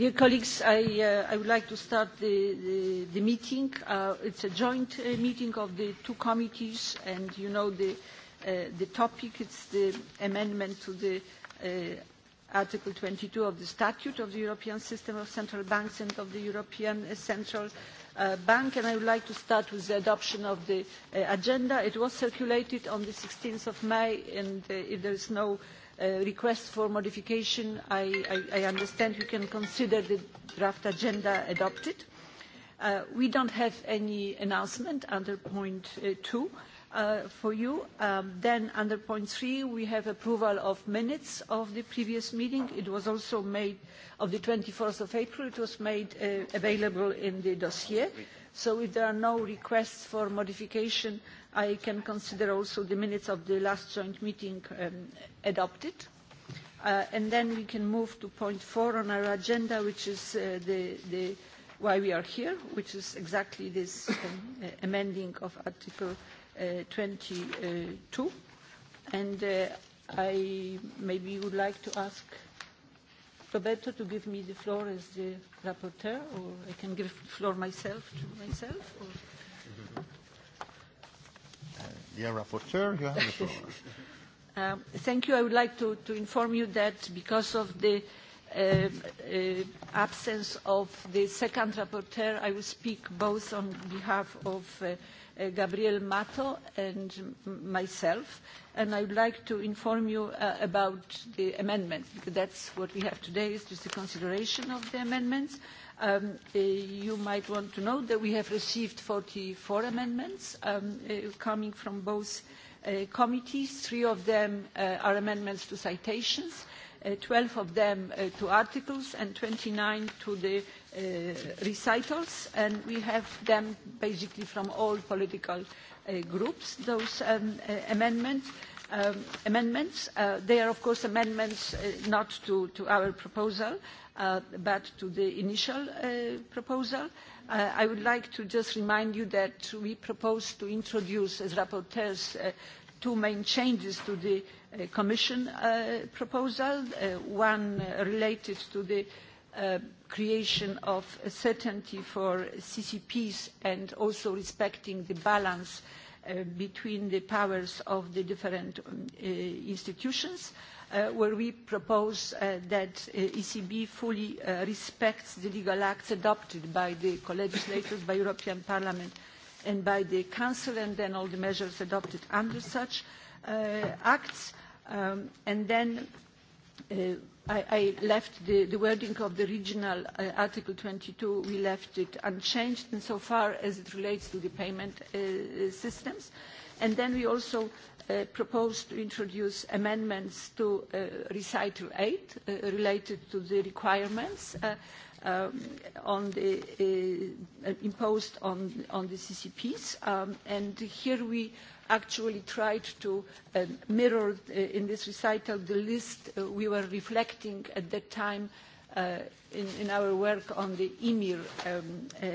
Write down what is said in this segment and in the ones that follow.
Dear colleagues, uh, I, would like to start the, meeting. Uh, it is a joint uh, meeting of the two committees, and you know the, topic it is the amendment to article twenty two of the Statute of the European System of Central Banks and of the European Central Bank. And I would like to start with the adoption of the agenda. It was circulated on sixteen May, and if there is no request for modification, I, understand we can consider the draft agenda adopted. Uh, we do not have any announcement under point uh, two uh, for you. Um, then under point three, we have approval of minutes of the previous meeting. It was also made of twenty four April. It was made available in the dossier. So if there are no requests for modification, i can consider also the minutes of the last joint meeting um, adopted. Uh, and then we can move to point four on our agenda, which is uh, the, why we are here, which is exactly this um, uh, amending of Article twenty 22. And I maybe would like to ask Roberto to give me the floor as the rapporteur, or I can give the floor myself to myself. Or... Mm-hmm. Dear rapporteur, you have the floor. Um, thank you. I would like to, to inform you that because of the Uh, uh, absence of the second rapporteur, I will speak both on behalf of uh, uh Gabriel Mato and myself, and I would like to inform you uh, about the amendments, because that's what we have today, is just a consideration of the amendments. Um, uh, you might want to know that we have received 44 amendments um, uh, coming from both uh, committees. Three of them uh, are amendments to citations, 12 uh, of them to articles, and 29 to the recitals. And we have them basically from all political groups, those um, amendments. Um, amendments. Uh, they are, of course, amendments uh, not to, to our proposal, uh, but to the initial uh, proposal. Uh, I would like to just remind you that we propose to introduce as rapporteurs uh, two main changes to the uh, Commission uh, proposal, uh, one uh, related to the uh, creation of certainty for CCPs and also respecting the balance uh, Uh, between the powers of the different um, uh, institutions, uh, where we propose uh, that uh, ECB fully uh, respects the legal acts adopted by the co-legislators, by European Parliament and by the Council, and then all the measures adopted under such uh, acts. Um, and then Uh, I, I left the, the wording of the regional uh, Article 22, we left it unchanged insofar as it relates to the payment uh, systems. And then we also uh, proposed to introduce amendments to uh, Recital 8 uh, related to the requirements. Uh, Um, on the, uh, imposed on, on the CCPs. Um, and here we actually tried to uh, mirror uh, in this recital the list uh, we were reflecting at that time uh, in, in our work on the EMIR um, uh,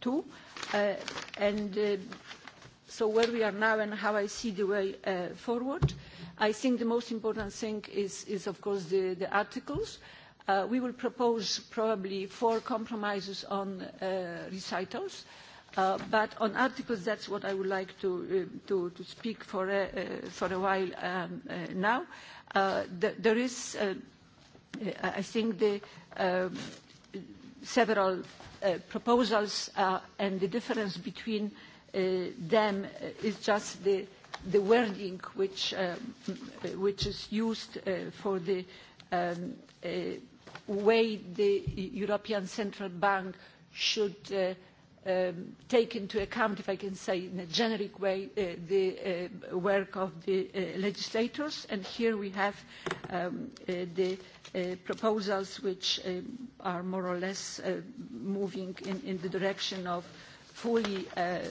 too. Uh, and uh, so where we are now and how I see the way uh, forward. I think the most important thing is, is of course, the, the articles. Uh, Uh, we will propose probably four compromises on uh, recitals, uh, but on articles, that's what I would like to, uh, to, to speak for a, uh, uh, for a while um, now. there is, I think, the um, several proposals, and the difference between them is just the, the wording which, um, which is used for the um, way the European Central Bank should uh, um, take into account, if I can say in a generic way, uh, the uh, work of the legislators. And here we have um, the proposals which um, are more or less moving in, the direction of fully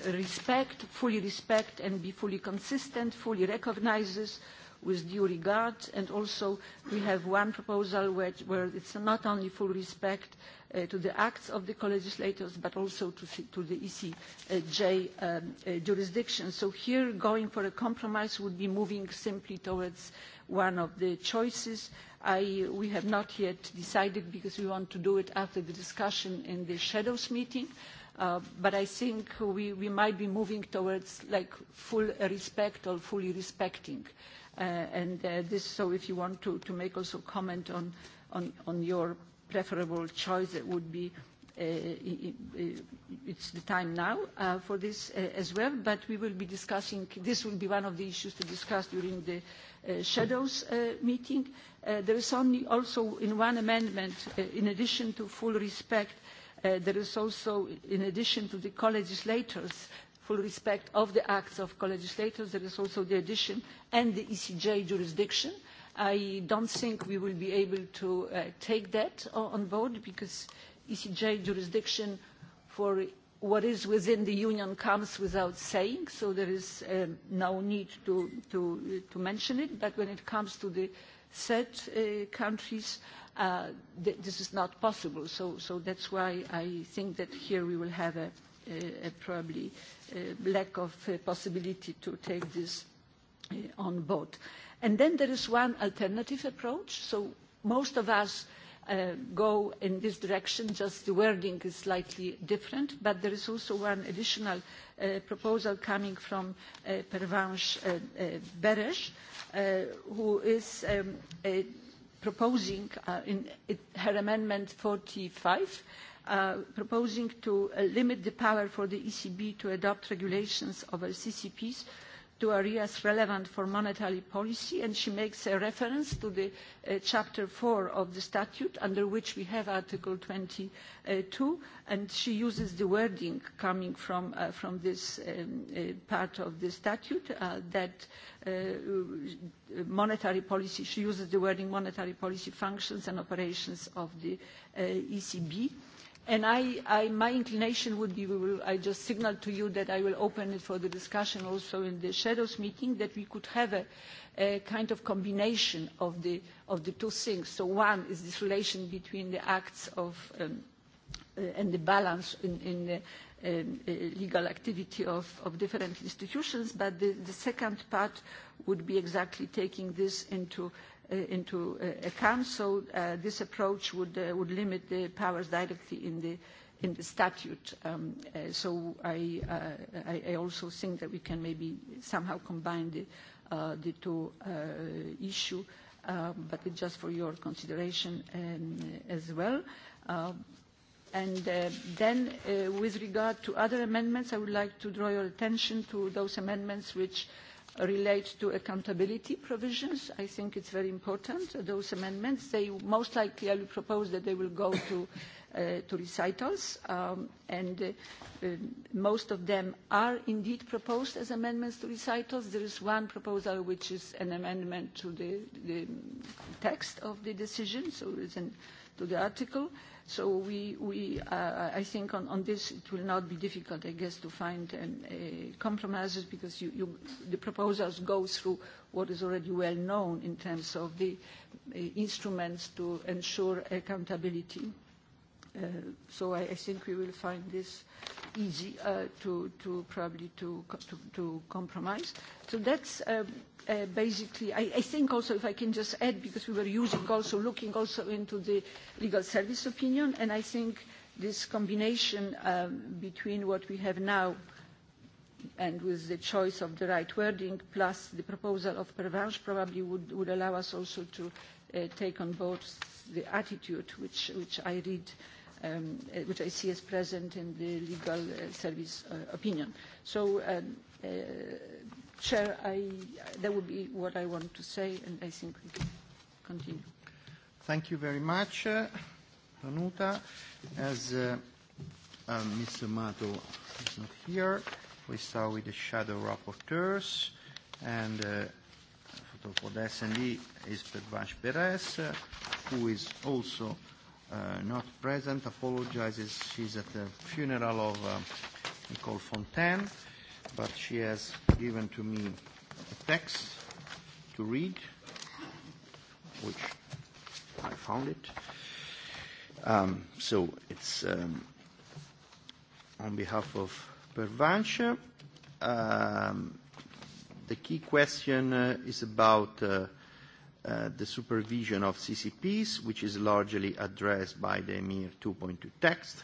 respect, fully respect and be fully consistent, fully recognises with due regard. And also we have one proposal where, where it's not only full respect uh, to the acts of the co-legislators, but also to, to the ECJ um, uh, jurisdiction. So here going for a compromise would be moving simply towards one of the choices. I, we have not yet decided because we want to do it after the discussion in the shadows meeting. Uh, but I think we, we might be moving towards like full respect or fully respecting. Uh, Uh, uh, if you want to, make also comment on, your preferable choice, that would be uh, it's the time now for this as well, we will be discussing, this will be one of the issues to discuss during the shadows meeting. There is only also in one amendment, in addition to full respect, there is also, in addition to the co-legislators, full respect of the acts of co-legislators. There is also the addition and the ECJ jurisdiction. I don't think we will be able to uh, take that on board because ECJ jurisdiction for what is within the union comes without saying, so there is um, no need to, to, to mention it. But when it comes to the third uh, countries, uh, th this is not possible. So, so that's why I think that here we will have a, Uh, probably a uh, lack of uh, possibility to take this on board. And then there is one alternative approach. So most of us uh, go in this direction, just the wording is slightly different, but there is also one additional uh, proposal coming from uh, Pervanche uh, uh, Beres, uh, who is um, uh, proposing uh, in it, her amendment 45 Uh, proposing to uh, limit the power for the ECB to adopt regulations over CCPs to areas relevant for monetary policy, and she makes a reference to uh, Chapter four of the statute, under which we have Article twenty two and she uses the wording coming from, this um, part of the statute that monetary policy, she uses the wording monetary policy functions and operations of the ECB and I, my inclination would be, will, I just signalled to you that I will open it for the discussion also in the shadows meeting, that we could have a, a kind of combination of the, of the two things. So one is this relation between the acts of, um, uh, and the balance in, in the um, uh, legal activity of, of different institutions, but the, the second part would be exactly taking this into Uh, into uh, account. So uh, this approach would, would limit the powers directly in the, in the statute. Um, so I, I, I also think that we can maybe somehow combine the, the two issue, um, but just for your consideration um, as well. Um, and uh, then, uh, with regard to other amendments, I would like to draw your attention to those amendments which relate to accountability provisions. I think it's very important, those amendments. They most likely, I will propose that they will go to, uh, to recitals, um, and uh, most of them are indeed proposed as amendments to recitals. There is one proposal which is an amendment to the, the text of the decision, so it's an to the article. So we, we uh, I think on, on this it will not be difficult, I guess, to find um, uh, compromises because you, you, the proposals go through what is already well known in terms of the uh, instruments to ensure accountability. Uh, so I, I think we will find this uh, easy uh, to, to probably to, to, to compromise. So that's uh, uh, basically, I, I think also if I can just add, because we were using also, looking also into the legal service opinion, and I think this combination um, between what we have now and with the choice of the right wording, plus the proposal of Pervenche probably would, would allow us also to uh, take on board the attitude which, which I read uh, Um, uh, which I see as present in the legal uh, service uh, opinion. So, um, uh, Chair, I, that would be what I want to say, and I think we can continue. Thank you very much, uh, Danuta. As uh, uh, Mr. Amato is not here, we start with the shadow rapporteurs, and uh, for the S&D is Pervash Perez, uh, who is also uh, not present, apologizes. She's at the funeral of uh, Nicole Fontaine, but she has given to me a text to read, which I found it. Um, so it's um, on behalf of Pervanche. Um, the key question uh, is about uh, Uh, the supervision of CCPs, which is largely addressed by the MiR 2.2 text,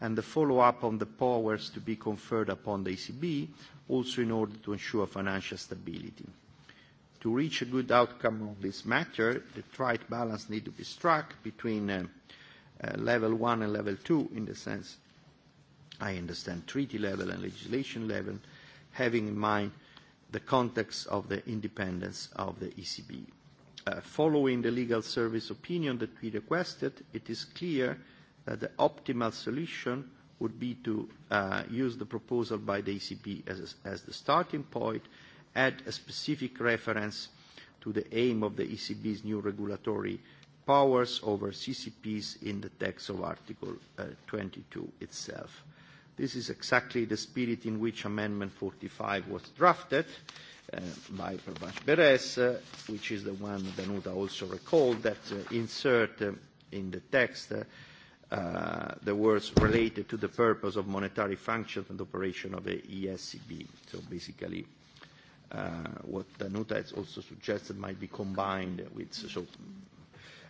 and the follow-up on the powers to be conferred upon the ECB, also in order to ensure financial stability. To reach a good outcome on this matter, the right balance needs to be struck between uh, uh, level one and level two, in the sense I understand treaty level and legislation level, having in mind the context of the independence of the ECB. Uh, following the legal service opinion that we requested, it is clear that the optimal solution would be to uh, use the proposal by the ECB as, as the starting point, add a specific reference to the aim of the ECB's new regulatory powers over CCPs in the text of Article uh, 22 itself. This is exactly the spirit in which Amendment 45 was drafted. Uh, Uh, by Pervash Beres, uh, which is the one Danuta also recalled, that uh, insert uh, in the text uh, uh, the words related to the purpose of monetary functions and operation of the ESCB. So basically, uh, what Danuta has also suggested might be combined with, so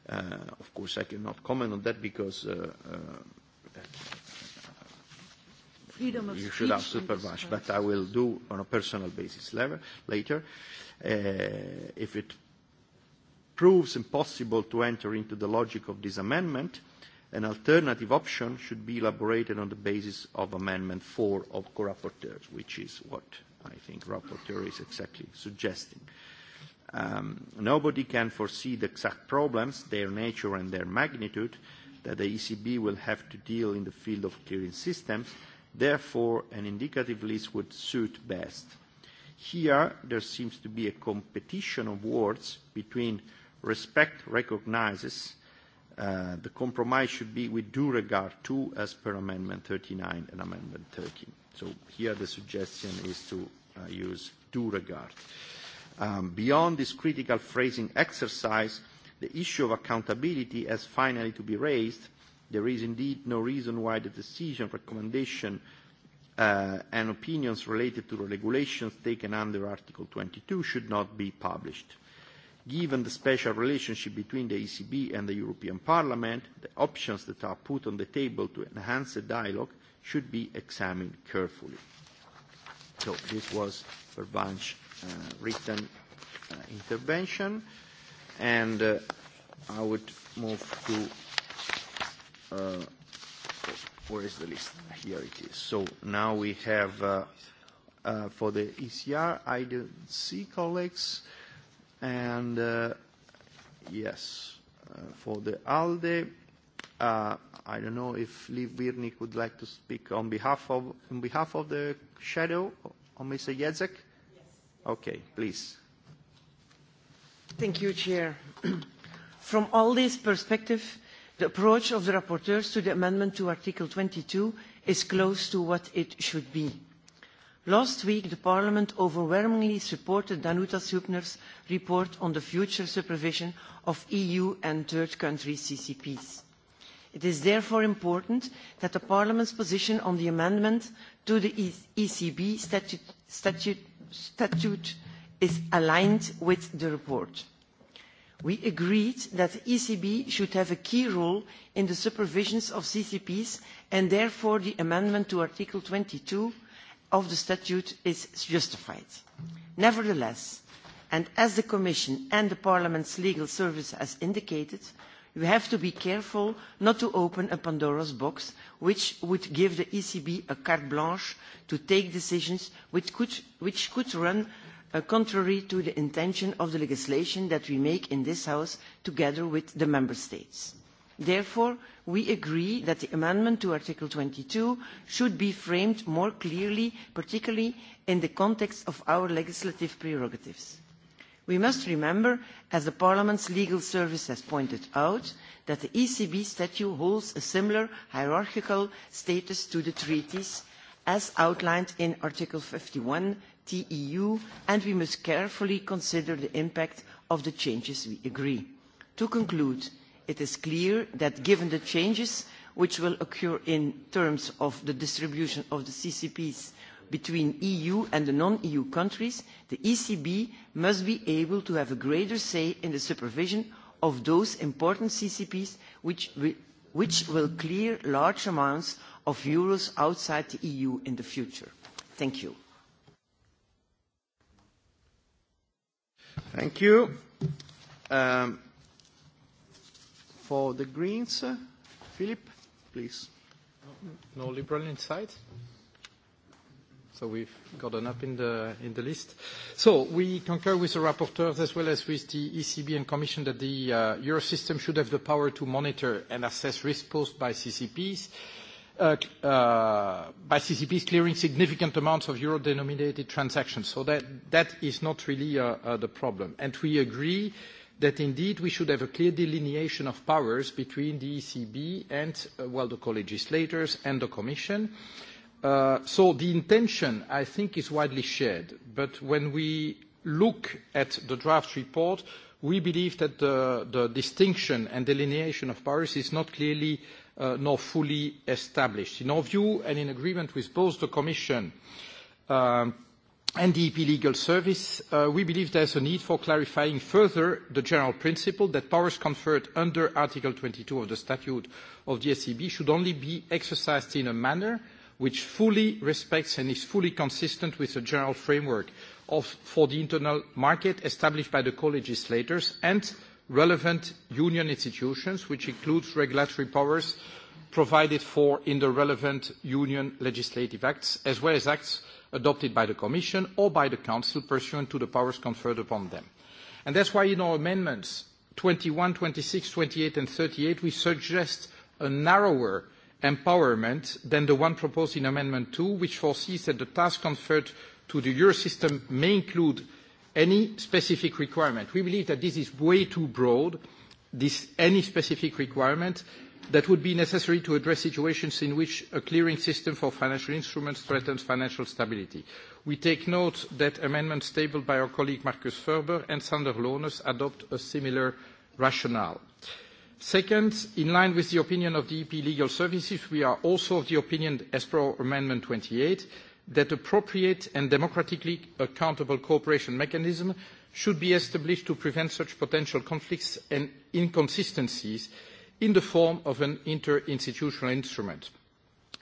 uh, of course I cannot comment on that because uh, uh, freedom of you should have supervised, but I will do on a personal basis level, later. Uh, if it proves impossible to enter into the logic of this amendment, an alternative option should be elaborated on the basis of Amendment 4 of co-rapporteurs, which is what I think rapporteur is exactly suggesting. Um, nobody can foresee the exact problems, their nature and their magnitude that the ECB will have to deal in the field of clearing systems, Therefore, an indicative list would suit best. Here, there seems to be a competition of words between respect recognizes, uh, the compromise should be with due regard to, as per Amendment 39 and Amendment 13. So here the suggestion is to uh, use due regard. Um, beyond this critical phrasing exercise, the issue of accountability has finally to be raised There is indeed no reason why the decision, recommendation, uh, and opinions related to the regulations taken under Article 22 should not be published. Given the special relationship between the ECB and the European Parliament, the options that are put on the table to enhance the dialogue should be examined carefully. So this was Verbanj's uh, written uh, intervention, and uh, I would move to uh, where is the list? Here it is. So now we have uh, uh, for the ECR, I don't see colleagues. And uh, yes, uh, for the ALDE, uh, I don't know if Liv Virnik would like to speak on behalf of, on behalf of the shadow, on Mr. Jezek? Yes. Okay, please. Thank you, Chair. From all this perspective, The approach of the rapporteurs to the amendment to Article 22 is close to what it should be. Last week, the Parliament overwhelmingly supported Danuta Hübner's report on the future supervision of EU and third country CCPs. It is therefore important that the Parliament's position on the amendment to the ECB e statute, statute, statute is aligned with the report we agreed that the ecb should have a key role in the supervision of ccps and therefore the amendment to article twenty two of the statute is justified. nevertheless and as the commission and parliament's legal service has indicated we have to be careful not to open a pandora's box which would give the ecb a carte blanche to take decisions which could, which could run Uh, contrary to the intention of the legislation that we make in this House together with the Member States. Therefore, we agree that the amendment to Article 22 should be framed more clearly, particularly in the context of our legislative prerogatives. We must remember, as the Parliament's legal service has pointed out, that the ECB statute holds a similar hierarchical status to the treaties as outlined in Article 51 the eu and we must carefully consider the impact of the changes we agree. to conclude it is clear that given the changes which will occur in terms of the distribution of the ccps between eu and the non eu countries the ecb must be able to have a greater say in the supervision of those important ccps which, which will clear large amounts of euros outside the eu in the future. thank you. Thank you. Um, for the Greens, uh, Philip, please. No liberal inside? So we've gotten up in the, in the list. So we concur with the rapporteurs as well as with the ECB and Commission that the uh, Eurosystem should have the power to monitor and assess risk posed by CCPs Uh, uh, by CCPs clearing significant amounts of euro-denominated transactions. So that, that is not really uh, the problem. And we agree that indeed we should have a clear delineation of powers between the ECB and, well, the co-legislators and the Commission. So the intention, I think, is widely shared. But when we look at the draft report, we believe that the distinction and delineation of powers is not clearly uh, nor fully established. In our view, and in agreement with both the Commission um, and the EP Legal Service, uh, we believe there is a need for clarifying further the general principle that powers conferred under Article 22 of the Statute of the SEB should only be exercised in a manner which fully respects and is fully consistent with the general framework of, for the internal market established by the co-legislators and relevant union institutions, which includes regulatory powers provided for in the relevant union legislative acts, as well as acts adopted by the Commission or by the Council pursuant to the powers conferred upon them. And that's why in our amendments 21, 26, 28, and 38, we suggest a narrower empowerment than the one proposed in Amendment 2, which foresees that the task conferred to the Eurosystem may include any specific requirement. We believe that this is way too broad, this any specific requirement that would be necessary to address situations in which a clearing system for financial instruments threatens financial stability. We take note that amendments tabled by our colleague Markus Ferber and Sander Lohnes adopt a similar rationale. Second, in line with the opinion of the EP Legal Services, we are also of the opinion as per Amendment 28 that appropriate and democratically accountable cooperation mechanisms should be established to prevent such potential conflicts and inconsistencies in the form of an interinstitutional instrument.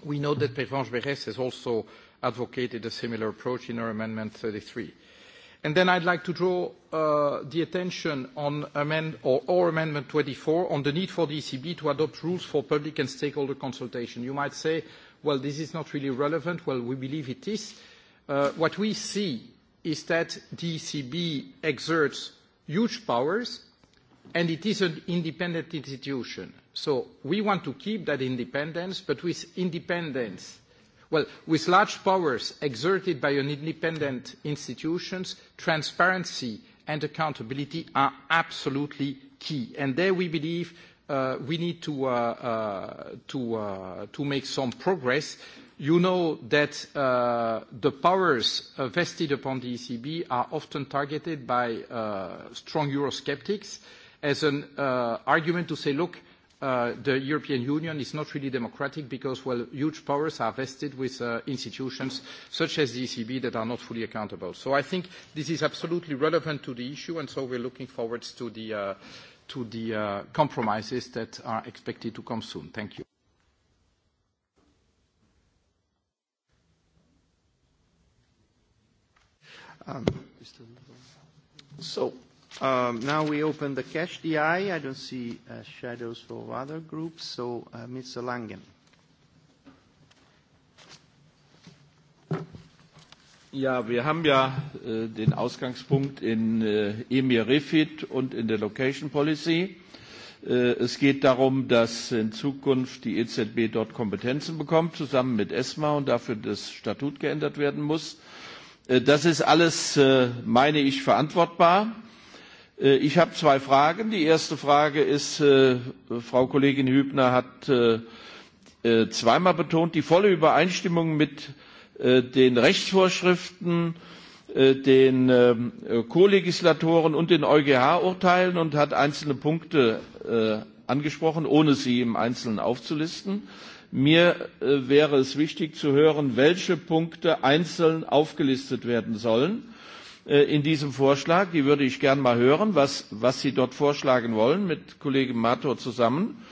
We know that Pervenche Beres has also advocated a similar approach in her Amendment 33. And then I'd like to draw uh, the attention on amend or, or Amendment 24 on the need for the ECB to adopt rules for public and stakeholder consultation. You might say, well, this is not really relevant. Well, we believe it is. Uh, what we see is that the ECB exerts huge powers, and it is an independent institution. So we want to keep that independence, but with independence, well, with large powers exerted by an independent institutions, transparency and accountability are absolutely key. And there we believe Uh, we need to, uh, uh, to, to make some progress. You know that the powers vested upon the ECB are often targeted by strong Eurosceptics as an argument to say, "Look, the European Union is not really democratic because, well, huge powers are vested with institutions such as the ECB that are not fully accountable. So I think this is absolutely relevant to the issue, and so we're looking forward to the, to the uh, compromises that are expected to come soon. Thank you. Um, so um, now we open the cash DI. I don't see uh, shadows for other groups. So uh, Mr. Langen. Ja, wir haben ja äh, den Ausgangspunkt in äh, EMIR Refit und in der Location Policy. Äh, es geht darum, dass in Zukunft die EZB dort Kompetenzen bekommt, zusammen mit ESMA und dafür das Statut geändert werden muss. das ist alles, meine ich, verantwortbar. ich habe zwei Fragen. Die erste Frage ist, Frau Kollegin Hübner hat zweimal betont, die volle Übereinstimmung mit Äh, den Rechtsvorschriften, äh, den ähm, Co-Legislatoren und den EuGH-Urteilen und hat einzelne Punkte äh, angesprochen, ohne sie im Einzelnen aufzulisten. Mir wäre es wichtig zu hören, welche Punkte einzeln aufgelistet werden sollen in diesem Vorschlag. Die würde ich gern mal hören, was, was Sie dort vorschlagen wollen, mit Kollegen Mator zusammen.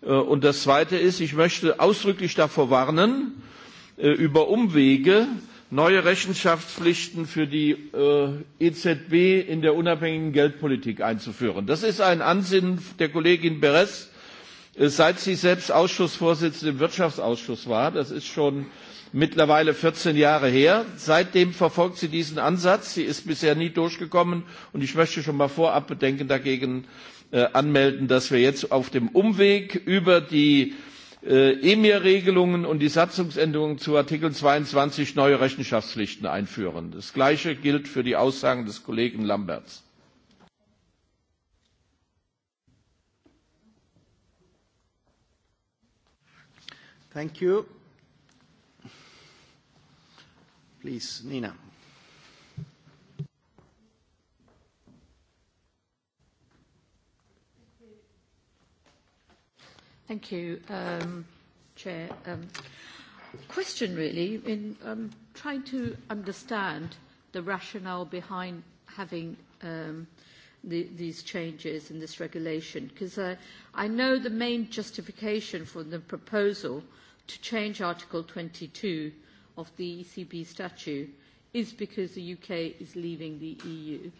Und das Zweite ist, ich möchte ausdrücklich davor warnen, Äh, über Umwege neue Rechenschaftspflichten für die äh, EZB in der unabhängigen Geldpolitik einzuführen. Das ist ein Ansinnen der Kollegin Beres, äh, seit sie selbst Ausschussvorsitzende im Wirtschaftsausschuss war. Das ist schon mittlerweile 14 Jahre her. Seitdem verfolgt sie diesen Ansatz. Sie ist bisher nie durchgekommen. Und ich möchte schon mal vorab Bedenken dagegen anmelden, dass wir jetzt auf dem Umweg über die äh, Äh, EMIR-Regelungen und die Satzungsänderung zu Artikel 22 neue Rechenschaftspflichten einführen. Das Gleiche gilt für die Aussagen des Kollegen Lamberts. Thank you. Please, Nina. Thank you, um, Chair. Um, question really in um, trying to understand the rationale behind having um, the, these changes in this regulation, because uh, I know the main justification for the proposal to change Article 22 of the ECB statute is because the UK is leaving the EU.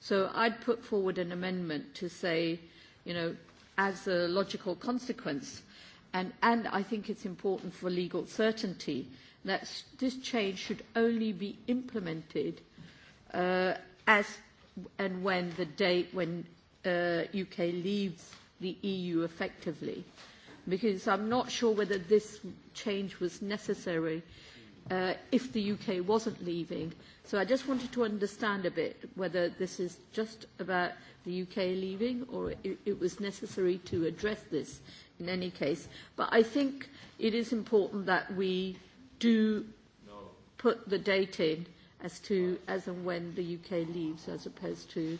So I'd put forward an amendment to say, you know, as a logical consequence. And, and I think it's important for legal certainty that this change should only be implemented uh, as and when the date when uh, UK leaves the EU effectively. Because I'm not sure whether this change was necessary uh, if the UK wasn't leaving. So I just wanted to understand a bit whether this is just about the UK leaving or it, it was necessary to address this in any case. But I think it is important that we do no. put the date in as to as and when the UK leaves as opposed to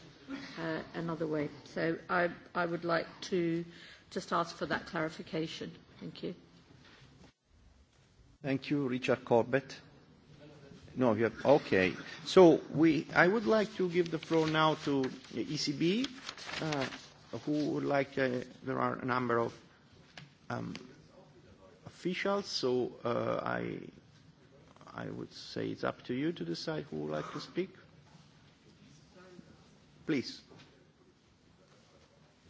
uh, another way. So I, I would like to just ask for that clarification. Thank you. Thank you, Richard Corbett. No, you have, okay. So I would like to give the floor now to ECB, uh, who would like, uh, there are a number of um, officials, so uh, I, would say it's up to you to decide who would like to speak. Please.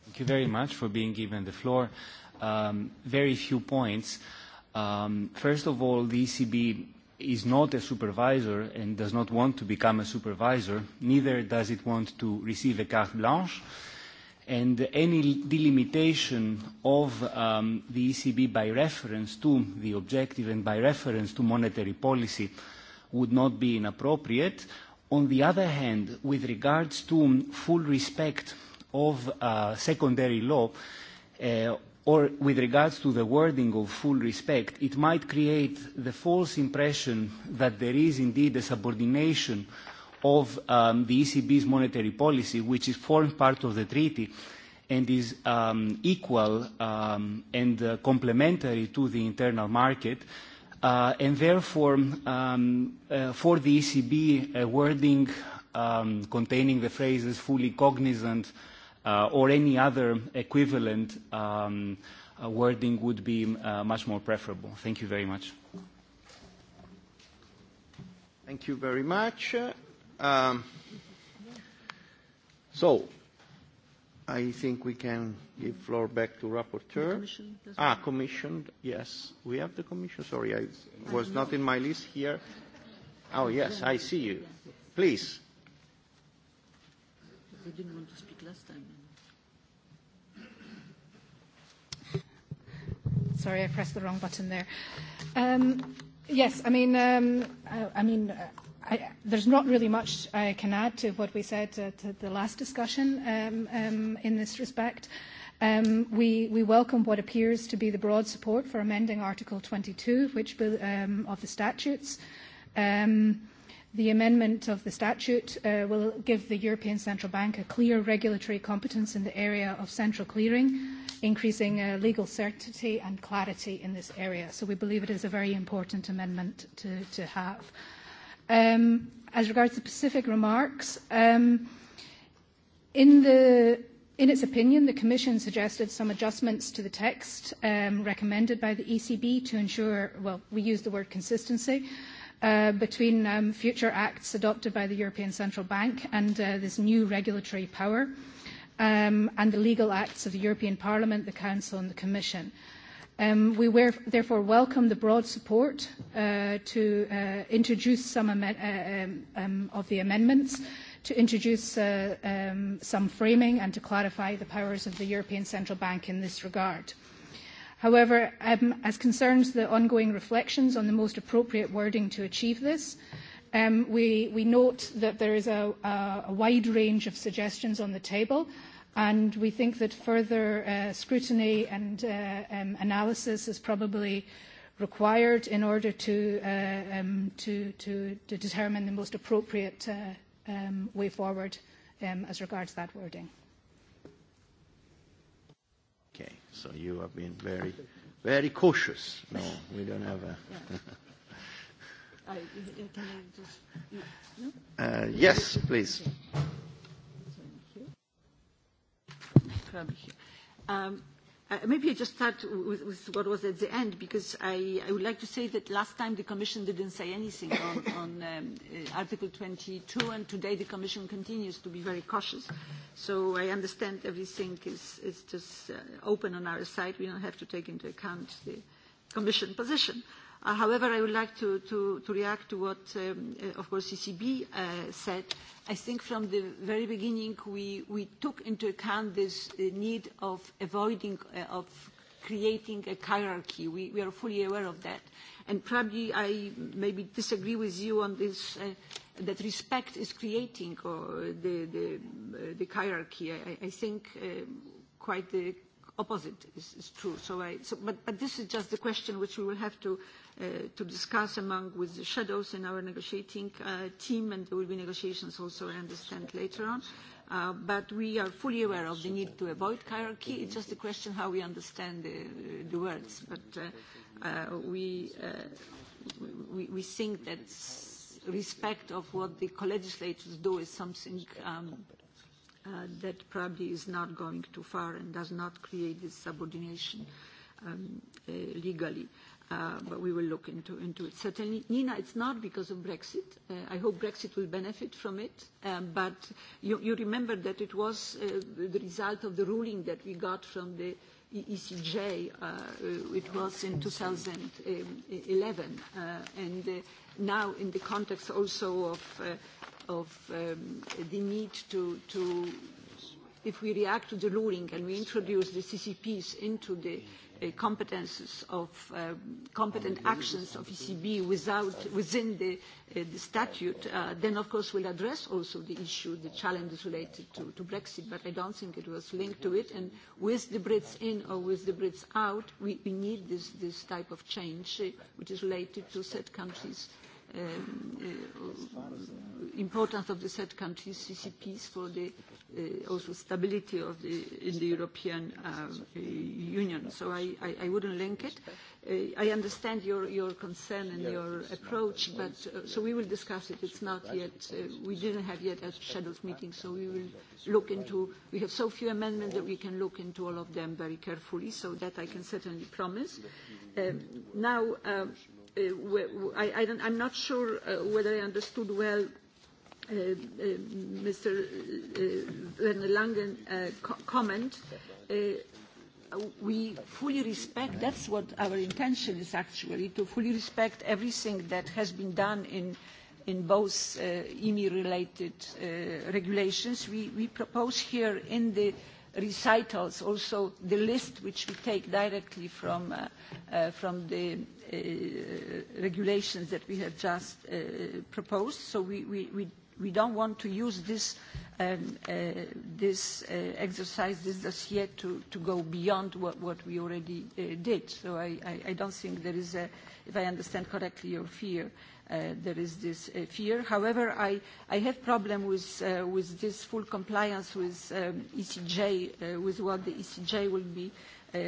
Thank you very much for being given the floor. Um, very few points. Um, first of all, the ECB is not a supervisor and does not want to become a supervisor, neither does it want to receive a carte blanche. And any delimitation of um, the ECB by reference to the objective and by reference to monetary policy would not be inappropriate. On the other hand, with regards to full respect of uh, secondary law, uh, or with regards to the wording of full respect, it might create the false impression that there is indeed a subordination of um, the ECB's monetary policy, which is formed part of the treaty and is um, equal um, and uh, complementary to the internal market. Uh, and therefore, um, uh, for the ECB, a wording um, containing the phrases fully cognizant, uh, or any other equivalent um, uh, wording would be uh, much more preferable. Thank you very much. Thank you very much. Um, so, I think we can give floor back to rapporteur. commission, ah, commission. Yes, we have the commission. Sorry, I was not in my list here. Oh, yes, I see you. Please didn't want to speak last time. Sorry, I pressed the wrong button there. Um, yes, I mean, um, I, mean, uh, I, there's not really much I can add to what we said at the last discussion um, in this respect. we, we welcome what appears to be the broad support for amending Article 22, which of the statutes. The amendment of the statute uh, will give the European Central Bank a clear regulatory competence in the area of central clearing, increasing uh, legal certainty and clarity in this area. So we believe it is a very important amendment to, to have. Um, as regards the specific remarks, um, in, the, in its opinion, the Commission suggested some adjustments to the text um, recommended by the ECB to ensure, well, we use the word consistency Uh, between um, future acts adopted by the European Central Bank and uh, this new regulatory power, um, and the legal acts of the European Parliament, the Council, and the Commission. Um, we were, therefore welcome the broad support uh, to uh, introduce some amen- uh, um, um, of the amendments, to introduce uh, um, some framing, and to clarify the powers of the European Central Bank in this regard. Uh, However, um, as concerns the ongoing reflections on the most appropriate wording to achieve this, um, we, we note that there is a, a, a wide range of suggestions on the table, and we think that further uh, scrutiny and uh, um, analysis is probably required in order to, uh, um, to, to, to determine the most appropriate uh, um, way forward um, as regards that wording. Okay, so you have been very, very cautious. No, we don't have a. No? No? uh, yes, please. Um, Uh, maybe I just start with, what was at the end, because I, would like to say that last time the Commission didn't say anything on, um, uh, Article 22, and today the Commission continues to be very cautious. So I understand everything is, just uh, open on our side. We don't have to take into account the Commission position. Uh, however, I would like to, react to what, um, uh, of course, ECB uh, said. I think from the very beginning, we, took into account this need of avoiding, of creating a hierarchy. We, are fully aware of that. And probably I maybe disagree with you on this, that respect is creating the, hierarchy. I, think quite the opposite is, is true. So I, so, but, but this is just the question which we will have to, uh, to discuss among with the shadows in our negotiating uh, team, and there will be negotiations also, I understand, later on. Uh, but we are fully aware of the need to avoid hierarchy. It's just a question how we understand the, the words. But uh, uh, we, uh, we, we think that respect of what the co-legislators do is something um, Uh, that probably is not going too far and does not create this subordination um, uh, legally. Uh, but we will look into, into it. Certainly, Nina, it's not because of Brexit. Uh, I hope Brexit will benefit from it. Um, but you, you remember that it was uh, the result of the ruling that we got from the ECJ, e uh, it was in 2011. Uh, and uh, now in the context also of uh, of um, the need to, to, if we react to the ruling and we introduce the CCPs into the uh, competences of um, competent actions of ECB without, within the, uh, the statute, uh, then of course we'll address also the issue, the challenges related to, to Brexit, but I don't think it was linked to it. And with the Brits in or with the Brits out, we, we need this, this type of change, uh, which is related to said countries' Uh, uh, importance of the third countries CCPs for the uh, also stability of the in the European uh, Union. So I, I, I wouldn't link it. Uh, I understand your, your concern and your approach, but uh, so we will discuss it. It's not yet. Uh, we didn't have yet a shadows meeting, so we will look into. We have so few amendments that we can look into all of them very carefully. So that I can certainly promise. Um, now. uh, Uh, I, I don't, I'm not sure uh, whether I understood well Uh, uh, Mr. Van uh, Langen uh, co comment. We fully respect, that's what our intention is actually, to fully respect everything that has been done in, in both EMI-related uh, regulations. We, we propose here in the recitals, also the list which we take directly from, uh, uh, from the uh, regulations that we have just uh, proposed. So we, we, we we don't want to use this, um, uh, this uh, exercise, this dossier, to, to go beyond what, what we already uh, did. So I, I, I don't think there is a, if I understand correctly your fear, Uh, there is this uh, fear. However, I, I have problem with, uh, with this full compliance with um, ECJ, uh, with what the ECJ will be, uh,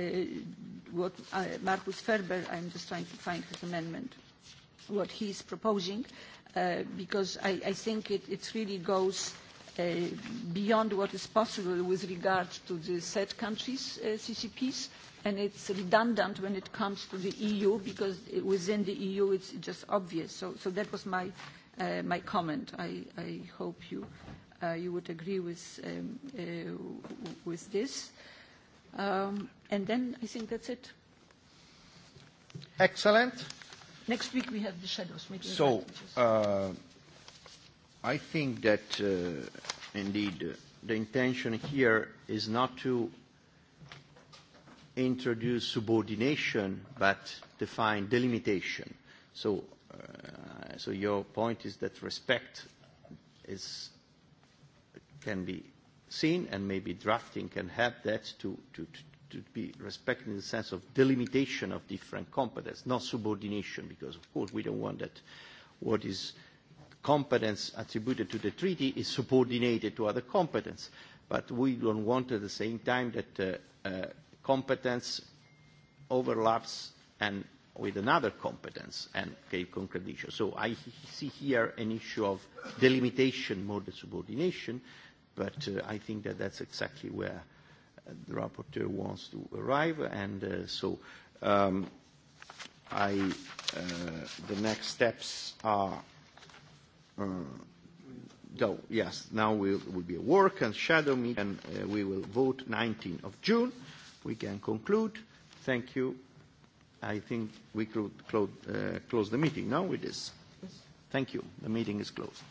what uh, Markus Ferber, I'm just trying to find his amendment, what he is proposing, uh, because I, I think it, it really goes uh, beyond what is possible with regard to the said countries' uh, CCPs, and it's redundant when it comes to the EU, because within the EU it's just obvious. So, so that was my, uh, my comment. I, I hope you, uh, you would agree with, um, uh, with this. Um, and then I think that's it. Excellent. Next week we have the shadows. Maybe so, uh, I think that uh, indeed uh, the intention here is not to introduce subordination, but define delimitation. So, uh, so your point is that respect is, can be seen, and maybe drafting can help that to, to, to be respected in the sense of delimitation of different competence, not subordination, because of course we don't want that what is competence attributed to the treaty is subordinated to other competence. But we don't want at the same time that uh, uh, competence overlaps and with another competence and gave contradiction. So I see here an issue of delimitation more than subordination, but uh, I think that that's exactly where – Uh, the rapporteur wants to arrive, and uh, so um, I, uh, the next steps are, uh, no, yes, now we will we'll be a work and shadow meeting, and uh, we will vote 19th of June. We can conclude. Thank you. I think we could close, uh, close the meeting now with this. Thank you. The meeting is closed.